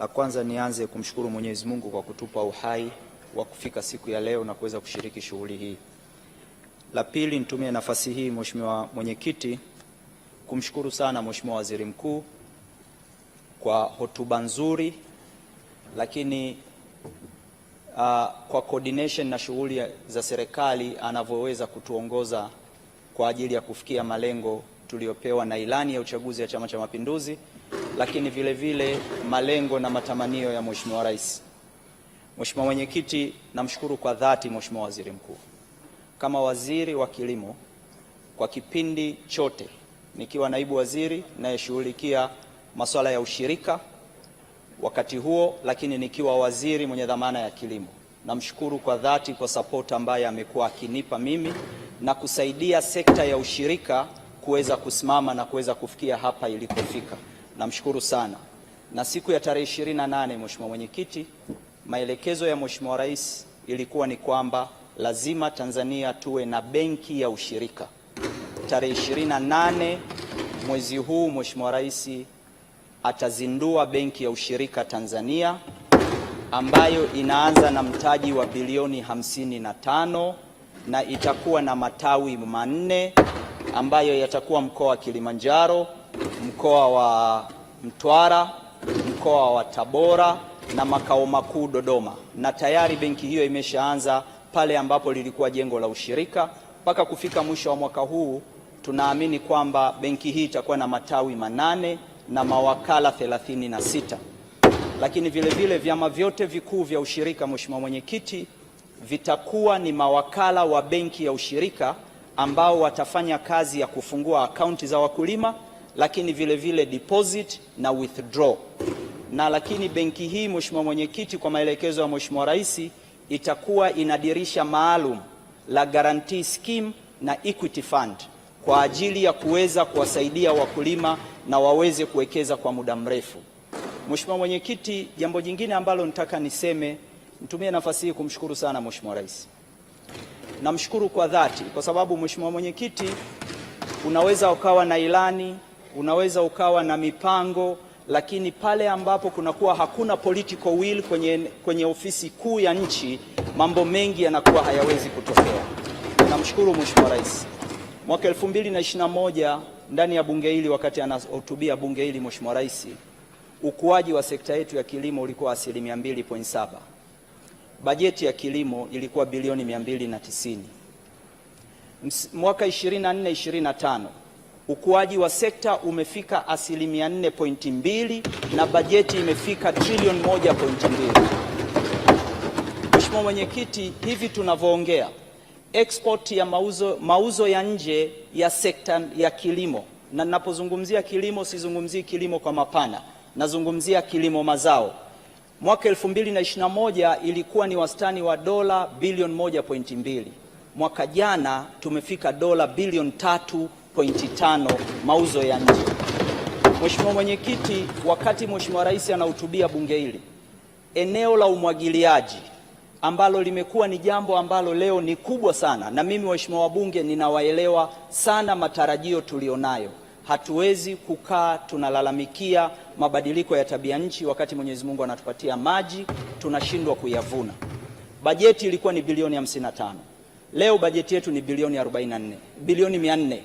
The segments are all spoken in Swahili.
La kwanza nianze kumshukuru Mwenyezi Mungu kwa kutupa uhai wa kufika siku ya leo na kuweza kushiriki shughuli hii. La pili, nitumie nafasi hii Mheshimiwa Mwenyekiti kumshukuru sana Mheshimiwa Waziri Mkuu kwa hotuba nzuri, lakini uh, kwa coordination na shughuli za serikali anavyoweza kutuongoza kwa ajili ya kufikia malengo tuliopewa na ilani ya uchaguzi ya Chama cha Mapinduzi, lakini vile vile malengo na matamanio ya Mheshimiwa Rais. Mheshimiwa Mwenyekiti, namshukuru kwa dhati Mheshimiwa Waziri Mkuu. Kama waziri wa kilimo kwa kipindi chote nikiwa naibu waziri nayeshughulikia masuala ya ushirika wakati huo, lakini nikiwa waziri mwenye dhamana ya kilimo, namshukuru kwa dhati kwa sapoti ambayo amekuwa akinipa mimi na kusaidia sekta ya ushirika kuweza kusimama na kuweza kufikia hapa ilipofika. Namshukuru sana. Na siku ya tarehe ishirini na nane, Mheshimiwa Mwenyekiti, maelekezo ya Mheshimiwa Rais ilikuwa ni kwamba lazima Tanzania tuwe na benki ya ushirika. Tarehe ishirini na nane mwezi huu Mheshimiwa Rais atazindua benki ya ushirika Tanzania ambayo inaanza na mtaji wa bilioni hamsini na tano na itakuwa na matawi manne ambayo yatakuwa mkoa wa Kilimanjaro, mkoa wa Mtwara, mkoa wa Tabora na makao makuu Dodoma, na tayari benki hiyo imeshaanza pale ambapo lilikuwa jengo la ushirika. Mpaka kufika mwisho wa mwaka huu tunaamini kwamba benki hii itakuwa na matawi manane na mawakala 36 lakini vile vile vyama vyote vikuu vya ushirika, Mheshimiwa Mwenyekiti, vitakuwa ni mawakala wa benki ya ushirika ambao watafanya kazi ya kufungua akaunti za wakulima, lakini vile vile deposit na withdraw. Na lakini benki hii, Mheshimiwa Mwenyekiti, kwa maelekezo ya Mheshimiwa Rais, itakuwa ina dirisha maalum la guarantee scheme na equity fund kwa ajili ya kuweza kuwasaidia wakulima na waweze kuwekeza kwa muda mrefu. Mheshimiwa Mwenyekiti, jambo jingine ambalo nitaka niseme, nitumie nafasi hii kumshukuru sana Mheshimiwa Rais namshukuru kwa dhati, kwa sababu mheshimiwa mwenyekiti, unaweza ukawa na ilani, unaweza ukawa na mipango, lakini pale ambapo kunakuwa hakuna political will kwenye, kwenye ofisi kuu ya nchi, mambo mengi yanakuwa hayawezi kutokea. Namshukuru mheshimiwa rais. Mwaka 2021 ndani ya bunge hili, wakati anahutubia bunge hili, mheshimiwa rais, ukuaji wa sekta yetu ya kilimo ulikuwa asilimia 2.7 bajeti ya kilimo ilikuwa bilioni 290. Mwaka 24 25 ukuaji wa sekta umefika asilimia 4.2 na bajeti imefika trilioni 1.2. Mheshimiwa Mwenyekiti, hivi tunavyoongea export ya mauzo, mauzo ya nje ya sekta ya kilimo, na ninapozungumzia kilimo sizungumzii kilimo kwa mapana, nazungumzia kilimo mazao Mwaka 2021 ilikuwa ni wastani wa dola bilioni 1.2. Mwaka jana tumefika dola bilioni 3.5 mauzo ya nje. Mheshimiwa Mwenyekiti, wakati Mheshimiwa Rais anahutubia bunge hili, eneo la umwagiliaji ambalo limekuwa ni jambo ambalo leo ni kubwa sana, na mimi waheshimiwa wabunge ninawaelewa sana matarajio tulionayo. Hatuwezi kukaa tunalalamikia mabadiliko ya tabia nchi wakati Mwenyezi Mungu anatupatia maji tunashindwa kuyavuna. Bajeti ilikuwa ni bilioni 55, leo bajeti yetu ni bilioni 44, bilioni 400,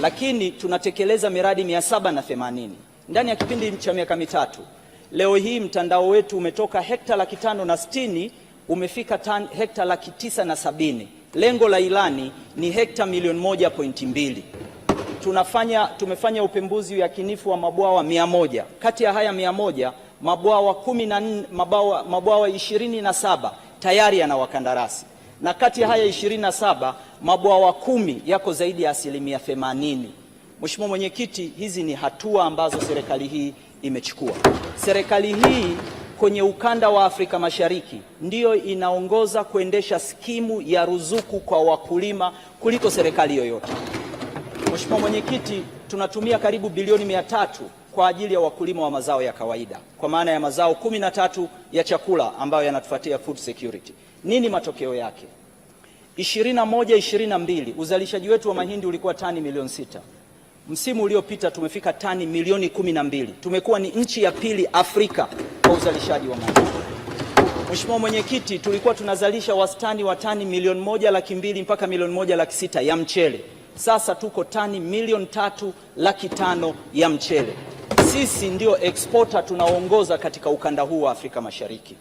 lakini tunatekeleza miradi 780 ndani ya kipindi cha miaka mitatu. Leo hii mtandao wetu umetoka hekta laki tano na sitini umefika hekta laki tisa na sabini. Lengo la ilani ni hekta milioni moja pointi mbili tunafanya, tumefanya upembuzi yakinifu wa mabwawa mia moja. Kati ya haya mia moja mabwawa kumi na nne, mabwawa, mabwawa ishirini na saba tayari yana wakandarasi na kati ya haya ishirini na saba mabwawa kumi yako zaidi ya asilimia themanini. Mheshimiwa Mwenyekiti, hizi ni hatua ambazo serikali hii imechukua. Serikali hii kwenye ukanda wa Afrika Mashariki ndiyo inaongoza kuendesha skimu ya ruzuku kwa wakulima kuliko serikali yoyote. Mheshimiwa Mwenyekiti, tunatumia karibu bilioni mia tatu kwa ajili ya wakulima wa mazao ya kawaida kwa maana ya mazao kumi na tatu ya chakula ambayo yanatufuatia food security. Nini matokeo yake? 21 22 uzalishaji wetu wa mahindi ulikuwa tani milioni sita. Msimu uliopita tumefika tani milioni kumi na mbili. Tumekuwa ni nchi ya pili Afrika kwa uzalishaji wa mahindi. Mheshimiwa Mwenyekiti, tulikuwa tunazalisha wastani wa tani milioni moja laki mbili mpaka milioni moja laki sita ya mchele. Sasa tuko tani milioni tatu laki tano ya mchele. Sisi ndio exporter tunaongoza katika ukanda huu wa Afrika Mashariki.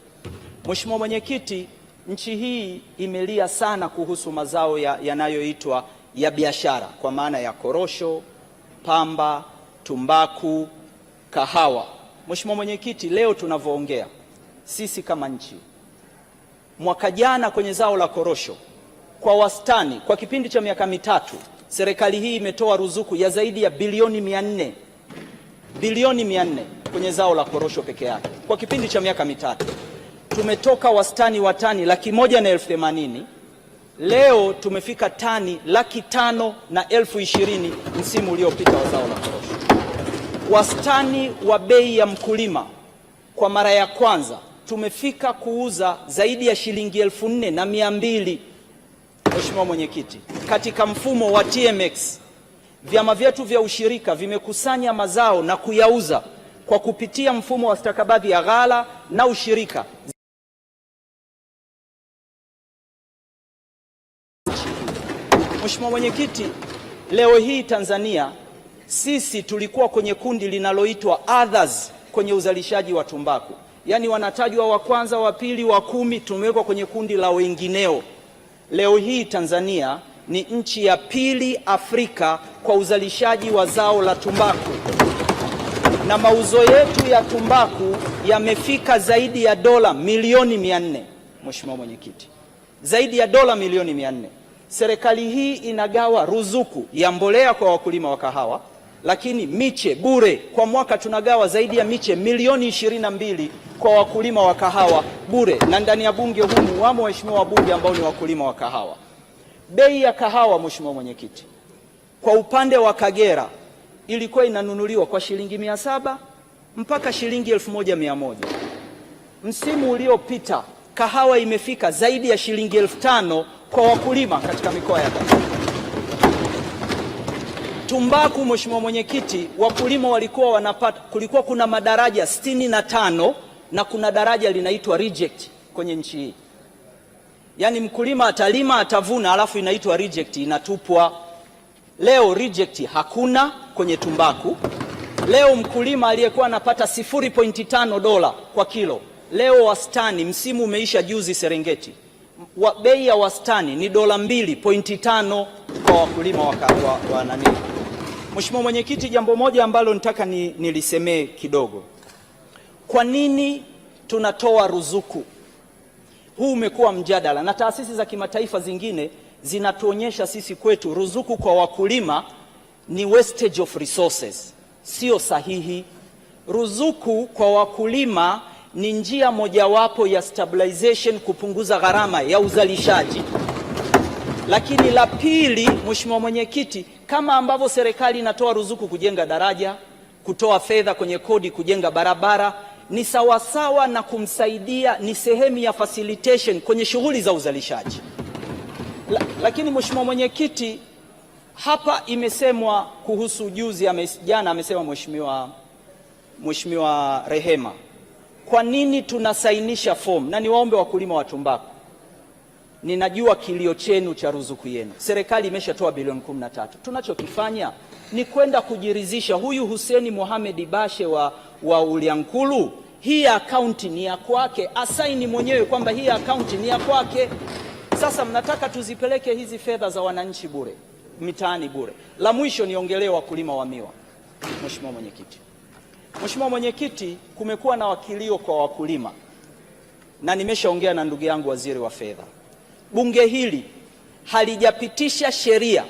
Mheshimiwa Mwenyekiti, nchi hii imelia sana kuhusu mazao yanayoitwa ya, ya biashara kwa maana ya korosho, pamba, tumbaku, kahawa. Mheshimiwa Mwenyekiti, leo tunavyoongea sisi kama nchi, mwaka jana kwenye zao la korosho kwa wastani kwa kipindi cha miaka mitatu serikali hii imetoa ruzuku ya zaidi ya bilioni nne bilioni nne kwenye zao la korosho peke yake kwa kipindi cha miaka mitatu. Tumetoka wastani wa tani laki moja na elfu themanini leo tumefika tani laki tano na elfu ishirini msimu uliopita wa zao la korosho. Wastani wa bei ya mkulima kwa mara ya kwanza tumefika kuuza zaidi ya shilingi elfu nne na mia mbili Mheshimiwa Mwenyekiti, katika mfumo wa TMX vyama vyetu vya ushirika vimekusanya mazao na kuyauza kwa kupitia mfumo wa stakabadhi ya ghala na ushirika Mheshimiwa Mwenyekiti, leo hii Tanzania sisi tulikuwa kwenye kundi linaloitwa others kwenye uzalishaji wa tumbaku, yaani wanatajwa wa kwanza, wa pili, wa kumi, tumewekwa kwenye kundi la wengineo. Leo hii Tanzania ni nchi ya pili Afrika kwa uzalishaji wa zao la tumbaku na mauzo yetu ya tumbaku yamefika zaidi ya dola milioni mia nne. Mheshimiwa Mwenyekiti, zaidi ya dola milioni mia nne. Serikali hii inagawa ruzuku ya mbolea kwa wakulima wa kahawa lakini miche bure kwa mwaka tunagawa zaidi ya miche milioni ishirini na mbili kwa wakulima wa kahawa bure, na ndani ya bunge humu wamo waheshimiwa wabunge ambao ni wakulima wa kahawa. Bei ya kahawa, Mheshimiwa Mwenyekiti, kwa upande wa Kagera ilikuwa inanunuliwa kwa shilingi mia saba mpaka shilingi elfu moja mia moja. Msimu uliopita kahawa imefika zaidi ya shilingi elfu tano kwa wakulima katika mikoa ya Kagera tumbaku, Mheshimiwa Mwenyekiti, wakulima walikuwa wanapata, kulikuwa kuna madaraja sitini na tano na kuna daraja linaitwa reject kwenye nchi hii. Yaani mkulima atalima atavuna, alafu inaitwa reject, inatupwa. Leo reject hakuna kwenye tumbaku. Leo mkulima aliyekuwa anapata 0.5 dola kwa kilo, leo wastani, msimu umeisha juzi Serengeti, bei ya wastani ni dola 2.5 kwa wakulima wa, wa, wa nani Mheshimiwa Mwenyekiti, jambo moja ambalo nitaka ni, nilisemee kidogo. Kwa nini tunatoa ruzuku? Huu umekuwa mjadala na taasisi za kimataifa zingine zinatuonyesha sisi kwetu ruzuku kwa wakulima ni wastage of resources, sio sahihi. Ruzuku kwa wakulima ni njia mojawapo ya stabilization, kupunguza gharama ya uzalishaji. Lakini la pili, Mheshimiwa Mwenyekiti, kama ambavyo serikali inatoa ruzuku kujenga daraja, kutoa fedha kwenye kodi kujenga barabara, ni sawasawa na kumsaidia, ni sehemu ya facilitation kwenye shughuli za uzalishaji. La, lakini Mheshimiwa Mwenyekiti, hapa imesemwa kuhusu juzi jana amesema Mheshimiwa Mheshimiwa Rehema, kwa nini tunasainisha fomu? Na niwaombe wakulima wa tumbaku ninajua kilio chenu cha ruzuku yenu. Serikali imeshatoa bilioni 13. Tunachokifanya ni kwenda kujiridhisha huyu Hussein Mohamed Bashe wa, wa Ulyankulu, hii akaunti ni ya kwake, asaini mwenyewe kwamba hii akaunti ni ya kwake. Sasa mnataka tuzipeleke hizi fedha za wananchi bure mitaani bure. La mwisho niongelee wakulima wa miwa, Mheshimiwa Mwenyekiti. Mheshimiwa Mwenyekiti, kumekuwa na wakilio kwa wakulima na nimeshaongea na ndugu yangu waziri wa fedha bunge hili halijapitisha sheria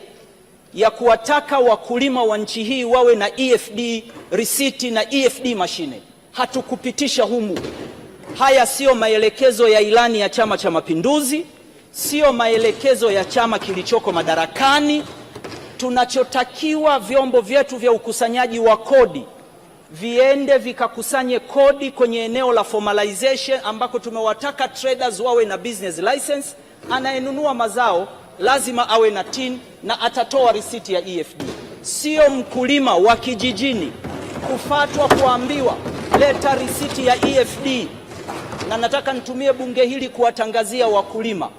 ya kuwataka wakulima wa nchi hii wawe na EFD risiti na EFD mashine. Hatukupitisha humu. Haya siyo maelekezo ya ilani ya Chama cha Mapinduzi, siyo maelekezo ya chama kilichoko madarakani. Tunachotakiwa vyombo vyetu vya ukusanyaji wa kodi viende vikakusanye kodi kwenye eneo la formalization ambako tumewataka traders wawe na business license anayenunua mazao lazima awe na TIN na atatoa risiti ya EFD. Sio mkulima wa kijijini kufatwa kuambiwa leta risiti ya EFD. Na nataka nitumie bunge hili kuwatangazia wakulima,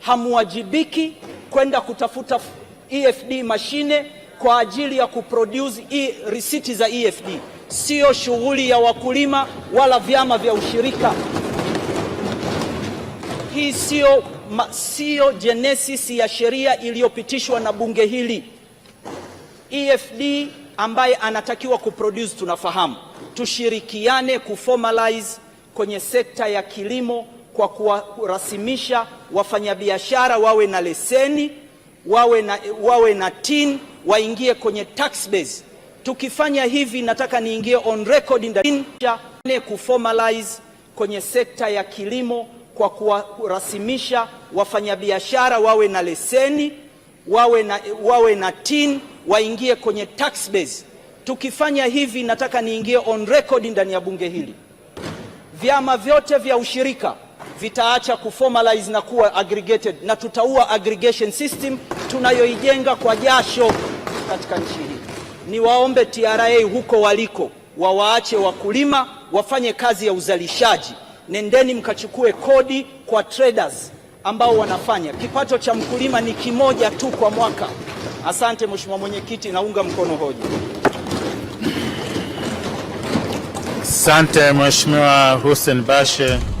hamwajibiki kwenda kutafuta EFD mashine kwa ajili ya kuproduce e risiti za EFD. Sio shughuli ya wakulima wala vyama vya ushirika. Hii sio sio genesis ya sheria iliyopitishwa na bunge hili. EFD ambaye anatakiwa kuproduce, tunafahamu, tushirikiane kuformalize kwenye sekta ya kilimo kwa kuwarasimisha wafanyabiashara wawe na leseni wawe na, wawe na TIN waingie kwenye tax base. Tukifanya hivi, nataka niingie on record ndani kuformalize kwenye sekta ya kilimo kwa kurasimisha wafanyabiashara wawe na leseni wawe na, wawe na TIN waingie kwenye tax base. Tukifanya hivi, nataka niingie on record ndani ya bunge hili, vyama vyote vya ushirika vitaacha kuformalize na kuwa aggregated na tutaua aggregation system tunayoijenga kwa jasho katika nchi hii. Niwaombe TRA huko waliko wawaache wakulima wafanye kazi ya uzalishaji. Nendeni mkachukue kodi kwa traders ambao wanafanya. Kipato cha mkulima ni kimoja tu kwa mwaka. Asante Mheshimiwa Mwenyekiti, naunga mkono hoja. Asante Mheshimiwa Hussein Bashe.